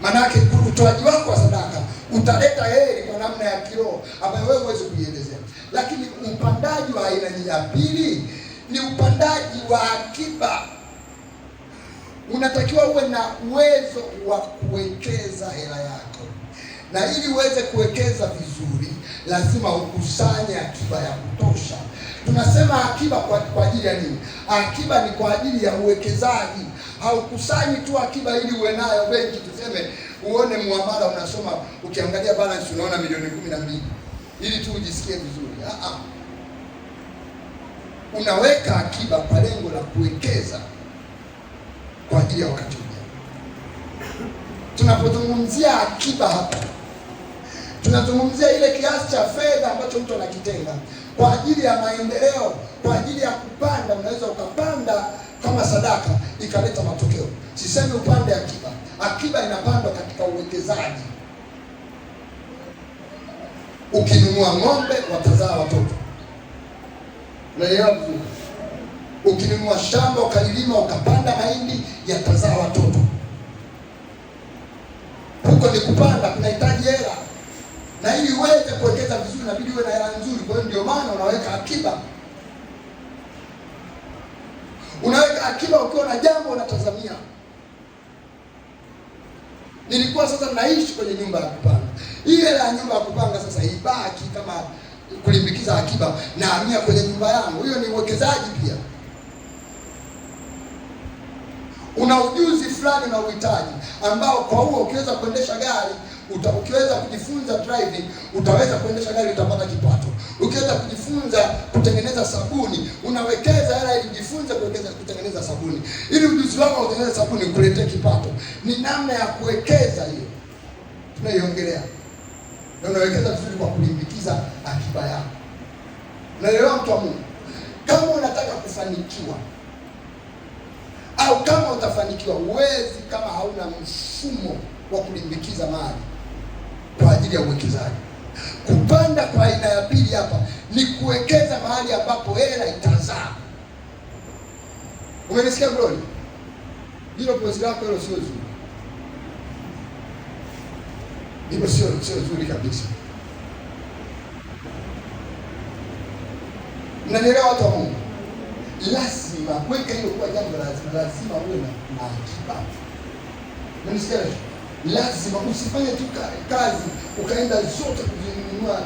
Manake utoaji wako wa sadaka utaleta heri kwa namna ya kiroho ambayo wewe huwezi kuielezea. Lakini upandaji wa aina ya pili ni upandaji wa akiba. Unatakiwa uwe na uwezo wa kuwekeza hela yako, na ili uweze kuwekeza vizuri, lazima ukusanye akiba ya kutosha. Tunasema akiba kwa, kwa ajili ya nini? Akiba ni kwa ajili ya uwekezaji haukusanyi tu akiba ili uwe nayo benki, tuseme uone muamala unasoma, ukiangalia balance unaona milioni kumi na mbili ili tu ujisikie vizuri. Ah, ah, unaweka akiba kwa lengo la kuwekeza kwa ajili ya wakati ujao. Tunapozungumzia akiba hapa tunazungumzia ile kiasi cha fedha ambacho mtu anakitenga kwa ajili ya maendeleo, kwa ajili ya kupanda. Unaweza ukapanda kama sadaka ikaleta matokeo. Sisemi upande akiba, akiba inapandwa katika uwekezaji. Ukinunua ng'ombe watazaa watoto, unaelewa Ukinunua shamba ukalilima ukapanda mahindi yatazaa watoto. Huko ni kupanda, kunahitaji hela, na ili uweze kuwekeza vizuri inabidi uwe na hela maana unaweka akiba. Unaweka akiba ukiwa na jambo unatazamia. Nilikuwa sasa naishi kwenye nyumba ya kupanga, ile ya nyumba ya kupanga sasa ibaki kama kulimbikiza akiba, nahamia kwenye nyumba yangu. Hiyo ni uwekezaji pia. Una ujuzi fulani na uhitaji ambao kwa huo ukiweza kuendesha gari uta, ukiweza kujifunza driving utaweza kuendesha gari, utapata kipato ukiweza kujifunza kutengeneza sabuni, unawekeza hela kuwekeza kutengeneza sabuni, ili ujuzi wako kutengeneza sabuni ukuletee kipato. Ni namna ya kuwekeza hiyo tunaiongelea, na unawekeza vizuri kwa kulimbikiza akiba yako. Unaelewa, mtu wa Mungu? Kama unataka kufanikiwa au kama utafanikiwa, huwezi kama hauna mfumo wa kulimbikiza mali kwa ajili ya uwekezaji. Kupanda kwa aina ya pili hapa ni kuwekeza mahali ambapo hela itazaa. Umenisikia Glory? Hilo pozi lako hilo sio zuri, hilo sio sio zuri kabisa. Mnanielewa watu wa Mungu? Lazima kuweka hilo kuwa jambo, lazima lazima uwe na akiba. Umenisikia? lazima usifanye tu kazi ukaenda zote kuvinunua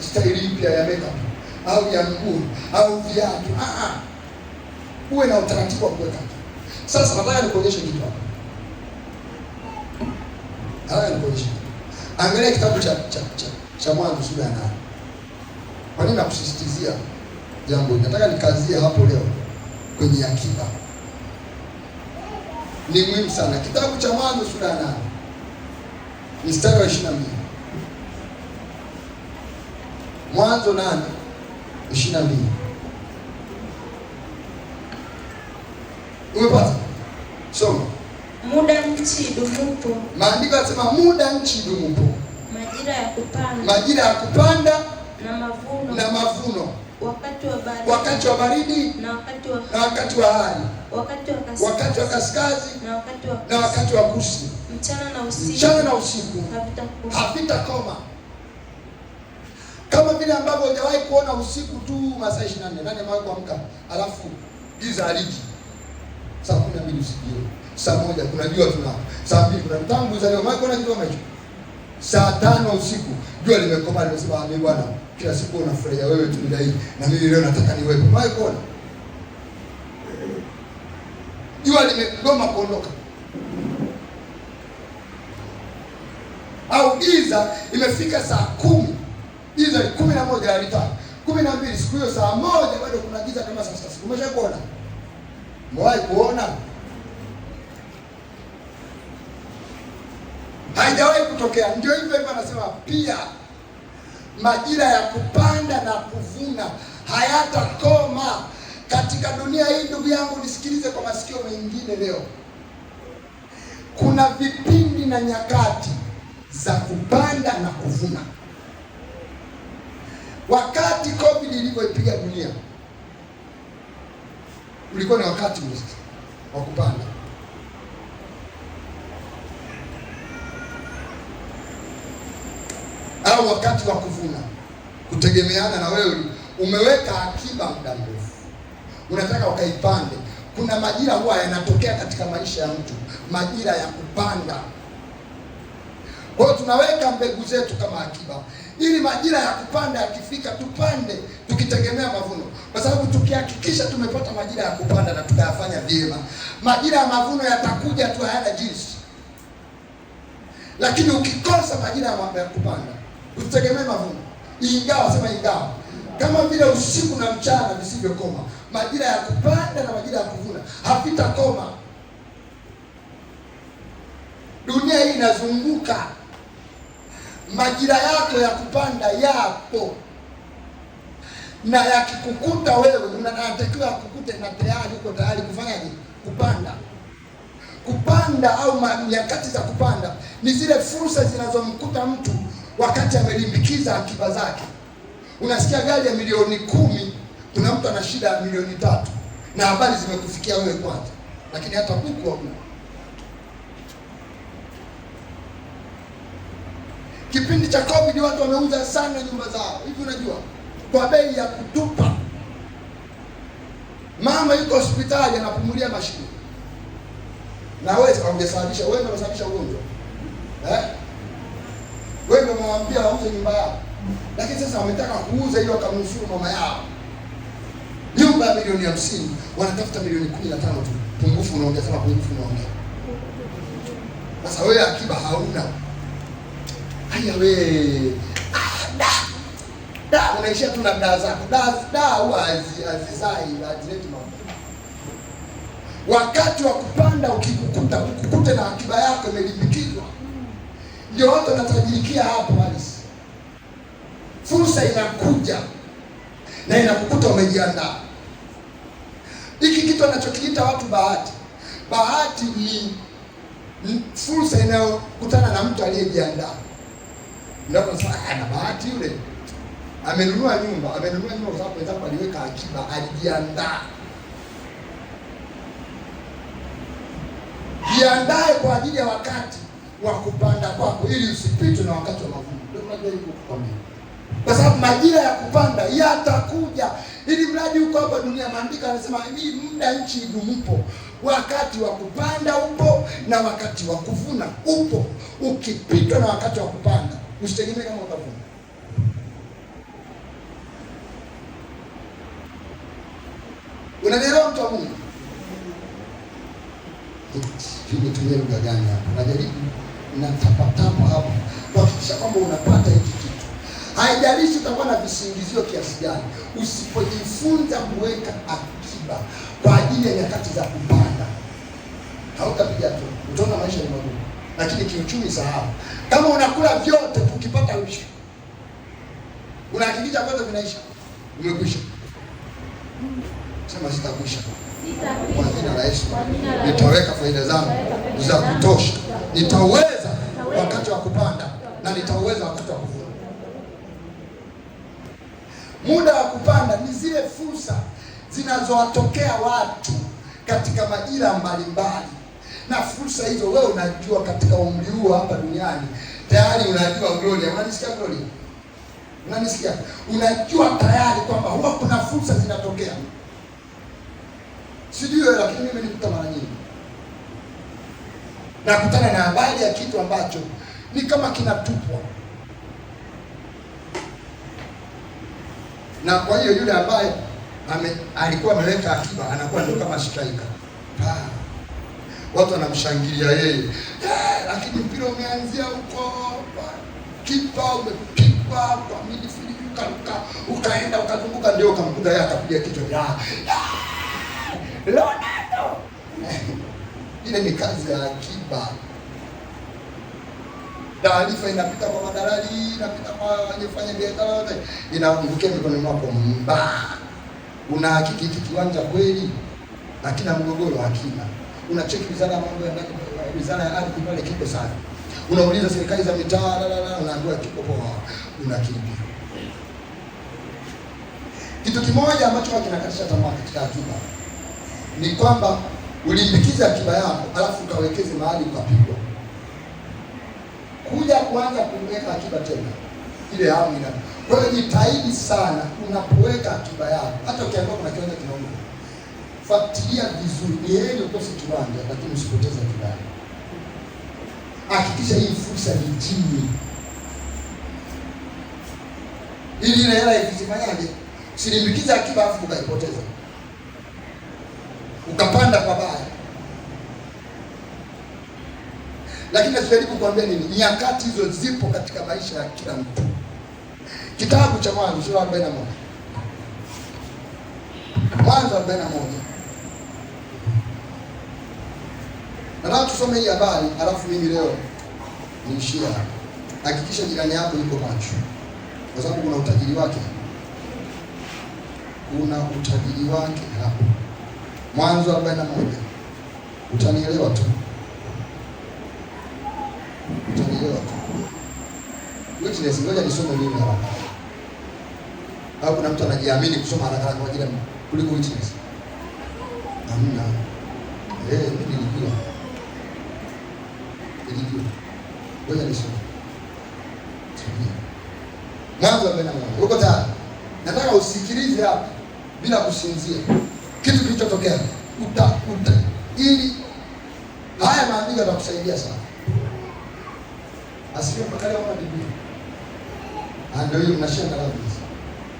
staili mpya ya makeup au ya nguo au viatu. Ah ah, uwe na utaratibu wa kuweka. Sasa nataka nikuonyeshe kitu hapa, nataka nikuonyeshe kitu. Angalia kitabu cha cha cha, cha Mwanzo sura ya nane. Kwa nini nakusisitizia jambo hili? Nataka nikazie hapo leo kwenye akiba, ni muhimu sana. Kitabu cha Mwanzo sura ya nane mstari wa mbili Mwanzo nane mbili Umepata? Soma. Muda nchi idumupo. Maandiko yanasema muda nchi idumupo. Majira ya kupanda. Majira ya kupanda na mavuno. Na mavuno wakati wa baridi, na wakati wa, na wakati wa hali, wakati wa kaskazini, na wakati wa kusi, mchana na usiku, mchana na havitakoma kama vile ambavyo hujawahi kuona usiku tu masaa 24. Nani amewahi kuamka alafu giza haliji saa kumi mbili usiku, saa moja kuna jua tuna saa mbili kuna tangu zalio mwa kuna jua macho saa tano usiku jua limekoma, limesema bwana kila siku unafurahia wewe tunda hii, na mimi leo nataka niwepo. Mwae kuona jua limegoma kuondoka, au giza imefika saa kumi, giza ni kumi na moja halitaki kumi na mbili, siku hiyo saa moja bado kuna giza kama sasa. Siku umesha kuona, mwai kuona haijawahi kutokea. Ndio hivyo hivyo anasema pia Majira ya kupanda na kuvuna hayatakoma katika dunia hii. Ndugu yangu, nisikilize kwa masikio mengine leo. Kuna vipindi na nyakati za kupanda na kuvuna. Wakati COVID ilivyoipiga dunia, ulikuwa ni wakati mzuri wa kupanda au wakati wa kuvuna, kutegemeana na wewe umeweka akiba muda mrefu, unataka ukaipande. Kuna majira huwa yanatokea katika maisha ya mtu, majira ya kupanda. Kwa hiyo tunaweka mbegu zetu kama akiba, ili majira ya kupanda yakifika, tupande tukitegemea mavuno, kwa sababu tukihakikisha tumepata majira ya kupanda na tukayafanya vyema, majira ya mavuno yatakuja tu, hayana jinsi. Lakini ukikosa majira ya kupanda tutegemee mavuno, ingawa sema, ingawa kama vile usiku na mchana visivyokoma, majira ya kupanda na majira ya kuvuna havitakoma. Dunia hii inazunguka, majira yako ya kupanda yapo, na yakikukuta wewe unatakiwa kukute na tayari uko tayari kufanyaje? Kupanda. Kupanda au nyakati za kupanda ni zile fursa zinazomkuta mtu wakati amelimbikiza akiba zake. Unasikia gari ya milioni kumi, kuna mtu ana shida ya milioni tatu, na habari zimekufikia wewe kwanza, lakini hata kuku hakuna. Kipindi cha Covid watu wameuza sana nyumba zao, hivi unajua, kwa bei ya kutupa. Mama yuko hospitali anapumulia mashine, na wewe ungesababisha wewe unasababisha ugonjwa eh? Wewe ndio umewaambia wauze nyumba yao, lakini sasa wametaka kuuza ili wakamnusuru mama yao. Nyumba ya milioni hamsini wanatafuta milioni kumi na tano tu. Pungufu unaongea sana, pungufu unaongea sasa. Wewe akiba hauna, haya wewe ah, da unaishia tu na daa zako da da, huwa hazizai hazileti mavuno. Wakati wa kupanda ukikukuta ukukute na akiba yako imelimbikizwa ndio watu wanatajirikia hapo halisi. Fursa inakuja na inakukuta umejiandaa. Hiki kitu anachokiita watu bahati, bahati ni fursa inayokutana na mtu aliyejiandaa. Ndio ana bahati yule amenunua nyumba, amenunua nyumba kwa sababu wenzako aliweka akiba, alijiandaa. Jiandae kwa ajili ya wakati wa kupanda kwako, ili usipitwe na wakati wa mavuno. Ndio najaribu kukwambia, kwa sababu majira ya kupanda yatakuja, ili mradi uko hapa dunia. Maandiko anasema hii muda nchi idumupo, wakati wa kupanda upo na wakati wa kuvuna upo. Ukipitwa na wakati wa kupanda, usitegemee kama utavuna. Unanielewa mtu wa Mungu? Tumetumia lugha gani hapa? Najaribu unatapatapa hapo kuhakikisha kwamba unapata hiki kitu. Haijalishi utakuwa na visingizio kiasi gani, usipojifunza kuweka akiba kwa ajili ya nyakati za kupanda, hautapiga tu, utaona maisha ni magumu. Lakini kiuchumi, sahau. Kama unakula vyote, ukipata ushi unahakikisha kwanza vinaisha, umekwisha sema sitakwisha kwa jina la Yesu, nitaweka faida zangu za kutosha, nitaweza kutoa mvua. Muda wa kupanda ni zile fursa zinazowatokea watu katika majira mbalimbali, na fursa hizo wewe unajua, katika umri huu hapa duniani tayari unajua. Gloria, unanisikia Gloria? Unanisikia? Unajua tayari kwamba huwa kuna fursa zinatokea, sijui wewe, lakini mimi nikuta mara nyingi nakutana na habari ya kitu ambacho ni kama kinatupwa. Na kwa hiyo yule ambaye ame, alikuwa ameweka akiba anakuwa ndio kama striker pa watu wanamshangilia yeye, eh, lakini mpira umeanzia huko, kipa umepigwa kwa midfield, ukaruka ukaenda ukazunguka, ndio ukamkuta yeye akapiga kichwa ya Ronaldo. Eh, ile ni kazi ya akiba taarifa inapita kwa madalali, inapita kwa wanyefanya biashara wote, inaangukia mikono mwako mbaya. Unahakiki hiki kiwanja kweli, na mgogoro hakina. Unacheki wizara ya mambo ya ndani, wizara ya ardhi pale kiko sana. Unauliza serikali za mitaa, la la la, unaambiwa kiko poa. una Unakipi kitu kimoja ambacho kinakatisha tamaa katika akiba ni kwamba uliindikiza akiba yako alafu ukawekeze mahali ukapigwa kuja kuanza kuweka akiba tena, ile hamu ina. Kwa hiyo jitahidi sana unapoweka akiba yako, hata ukiambiwa kuna kiwanja kinauma, fuatilia vizuri, ni heri ukose kiwanja, lakini usipoteze akiba yako. Hakikisha hii fursa nijini, ili ile hela ikisimanyaje, silimbikiza akiba afu ukaipoteza ukapanda baya Lakini najaribu kuambia nini, nyakati hizo zipo katika maisha ya kila mtu. Kitabu cha Mwanzo sura ya 41, Mwanzo 41, nataka tusome hii habari, halafu mimi leo niishia. Hakikisha jirani yako yuko macho, kwa sababu kuna utajiri wake, kuna utajiri wake hapo. Mwanzo 41, utanielewa tu. witness. Ngoja nisome mimi haraka, au kuna mtu anajiamini kusoma haraka haraka kwa ajili ya kuliko witness? Hamna. Eh, hey, mimi nilijua, nilijua. Ngoja nisome Mwanzo arobaini na moja. Uko tayari? Nataka usikilize hapa bila kusinzia kitu kilichotokea, utakuta ili haya maandiko yatakusaidia sana. Asiye mpaka leo, ona Biblia ndio hiyo mnashanga Loveless.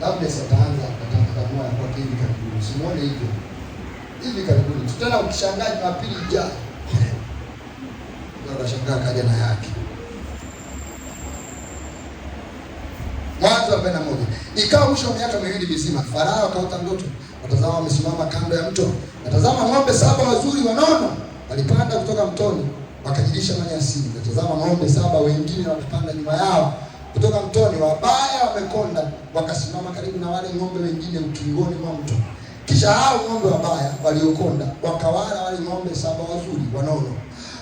Loveless ataanza atatangamua kwa hivi karibuni. Simone hivyo. Hivi karibuni. Tutaenda ukishangaa Jumapili ijayo. Ndio unashangaa kaja na yake. Mwanzo wa 41. Ikawa mwisho wa miaka miwili mizima, Farao akaota ndoto. Natazama wamesimama kando ya mto. Natazama ng'ombe saba wazuri wanono walipanda kutoka mtoni wakajilisha manyasini. Natazama ng'ombe saba wengine wakapanda nyuma yao kutoka mtoni, wabaya wamekonda, wakasimama karibu na wale ng'ombe wengine ukingoni mwa mto. Kisha hao ng'ombe wabaya waliokonda wakawala wale ng'ombe saba wazuri wanono.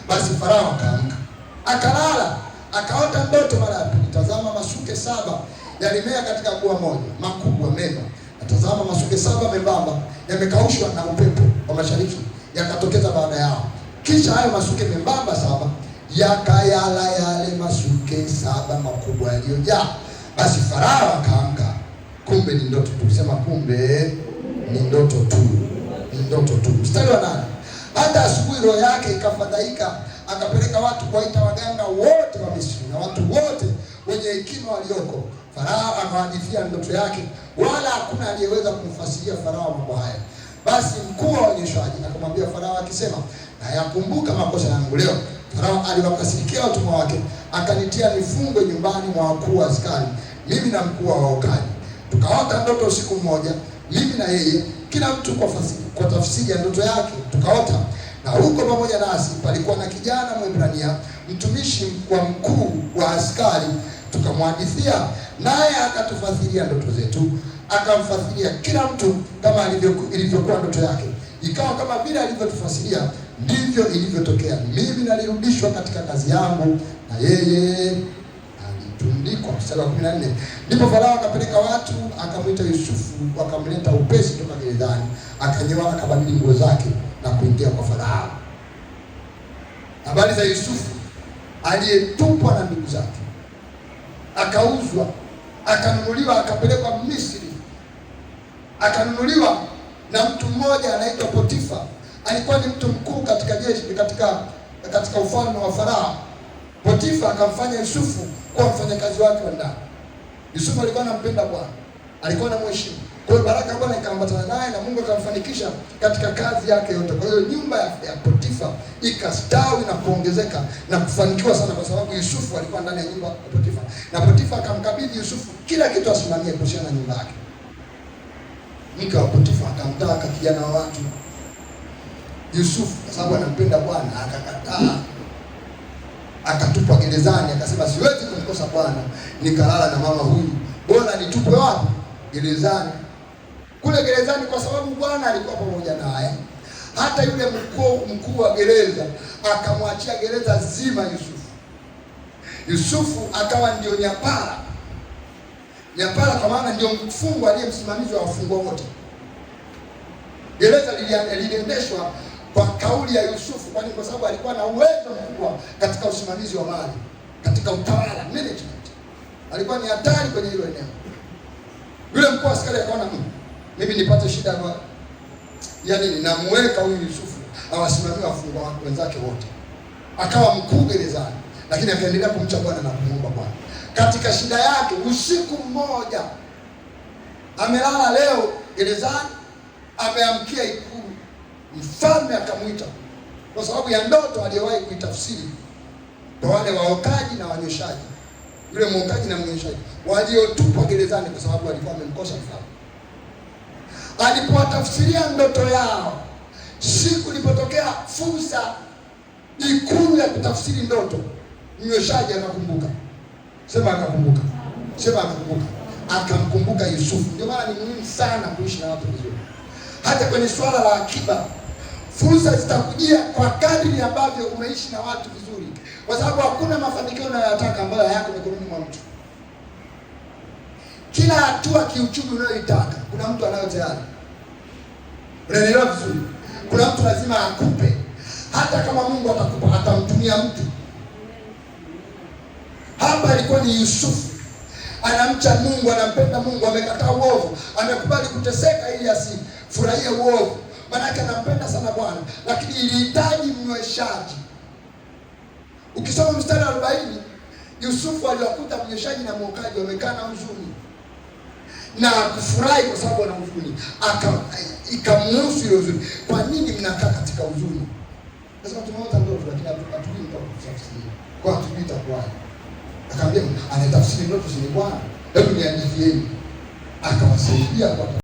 Basi Farao akaamka akalala, akaota ndoto mara ya pili, tazama, masuke saba yalimea katika bua moja, makubwa mema. Atazama masuke saba membamba yamekaushwa na upepo wa mashariki, yakatokeza baada yao. Kisha hayo masuke membamba saba yakayala yale masuke mabakuli saba makubwa yaliyojaa. Basi Farao akaamka, kumbe ni ndoto tu. Sema kumbe ni ndoto tu, ni ndoto tu. Mstari wa nane, hata asubuhi roho yake ikafadhaika, akapeleka watu kuwaita waganga wote wa Misri na watu wote wenye hekima walioko. Farao akawadifia ndoto yake, wala hakuna aliyeweza kumfasiria Farao mambo haya. Basi mkuu wa waonyeshaji akamwambia Farao akisema, nayakumbuka makosa yangu leo Farao aliwakasirikia watumwa wake, akanitia nifungwe nyumbani mwa wakuu wa askari, mimi na mkuu wa waokaji. Tukaota ndoto usiku mmoja, mimi na yeye, kila mtu kwa, fasi, kwa tafsiri ya ndoto yake. Tukaota na huko pamoja nasi palikuwa na kijana Mwebrania, mtumishi wa mkuu wa askari. Tukamwadithia naye akatufasiria ndoto zetu, akamfasiria kila mtu kama ilivyokuwa ndoto yake, ikawa kama vile alivyotufasiria Ndivyo ilivyotokea. Mimi nalirudishwa katika kazi yangu, na yeye alitundikwa. Mstari wa 14, ndipo Farao akapeleka watu akamwita Yusufu, wakamleta upesi toka gerezani, akanyoa, akabadili nguo zake na kuingia kwa Farao. Habari za Yusufu aliyetupwa na ndugu zake, akauzwa, akanunuliwa, akapelekwa Misri, akanunuliwa na mtu mmoja anaitwa Potifa alikuwa ni mtu mkuu katika jeshi, katika katika ufalme wa Farao. Potifa akamfanya Yusufu kuwa mfanyakazi wake wa ndani. Yusufu alikuwa anampenda Bwana, alikuwa na mheshimu. Kwa hiyo baraka Bwana ikaambatana naye na Mungu akamfanikisha katika kazi yake yote. Kwa hiyo nyumba ya, ya Potifa ikastawi na kuongezeka na kufanikiwa sana, kwa sababu Yusufu alikuwa ndani ya nyumba ya Potifa, na Potifa akamkabidhi Yusufu kila kitu asimamie kuhusiana na nyumba yake. Mke wa Potifa akamtaka kijana wa watu Yusufu kwa sababu anampenda Bwana akakataa, akatupwa gerezani, akasema siwezi kumkosa Bwana, nikalala na mama huyu, bora nitupwe wapi? Gerezani. Kule gerezani, kwa sababu Bwana alikuwa pamoja naye. Hata yule mkuu mkuu wa gereza akamwachia gereza zima Yusufu. Yusufu akawa ndio nyapara, nyapara kwa maana ndio mfungwa aliye msimamizi wa wafungwa wote. Gereza liliendeshwa kwa kauli ya Yusufu, Kwa nini? kwa sababu alikuwa na uwezo mkubwa katika usimamizi wa mali, katika utawala management, alikuwa ni hatari kwenye hilo eneo. Yule mkuu wa askari akaona hmm, mimi nipate shida kwa Yani, nini, namweka huyu Yusufu awasimamie wafungwa wenzake wote, akawa mkuu gerezani, lakini akaendelea kumcha Bwana na kumuomba Bwana katika shida yake. Usiku mmoja amelala leo gerezani, ameamkia Mfalme akamwita kwa sababu ya ndoto aliyowahi kuitafsiri kwa wale waokaji na wanyoshaji, yule mwokaji na mnyoshaji waliotupwa gerezani kwa sababu walikuwa wamemkosa mfalme. Alipowatafsiria ndoto yao, siku ilipotokea fursa ikulu ya kutafsiri ndoto, mnyoshaji akakumbuka. Sema akakumbuka, sema akakumbuka, akamkumbuka Yusufu. Ndio maana ni muhimu sana kuishi na watu vizuri, hata kwenye swala la akiba Fursa zitakujia kwa kadri ambavyo umeishi na watu vizuri, kwa sababu hakuna mafanikio unayoyataka ambayo hayako mikononi mwa mtu. Kila hatua kiuchumi unayoitaka kuna mtu anayo tayari. Unaelewa vizuri, kuna mtu lazima akupe, hata kama Mungu atakupa atamtumia mtu. Hapa alikuwa ni Yusufu, anamcha Mungu, anampenda Mungu, amekataa uovu, amekubali kuteseka ili asifurahie uovu maanake anampenda sana Bwana, lakini ilihitaji mnyweshaji. Ukisoma mstari wa arobaini, Yusufu aliwakuta mnyweshaji na mwokaji wamekaa na huzuni na kufurahi kwa sababu ana huzuni, ikamhusu ile huzuni. Kwa nini mnakaa katika huzuni? Nasema tumeota ndoto, lakini hatujui mtakutafsiri kwa hatujui itakuwaje. Akaambia anatafsiri ndoto zile, Bwana hebu niandikieni, akawasaidia kwa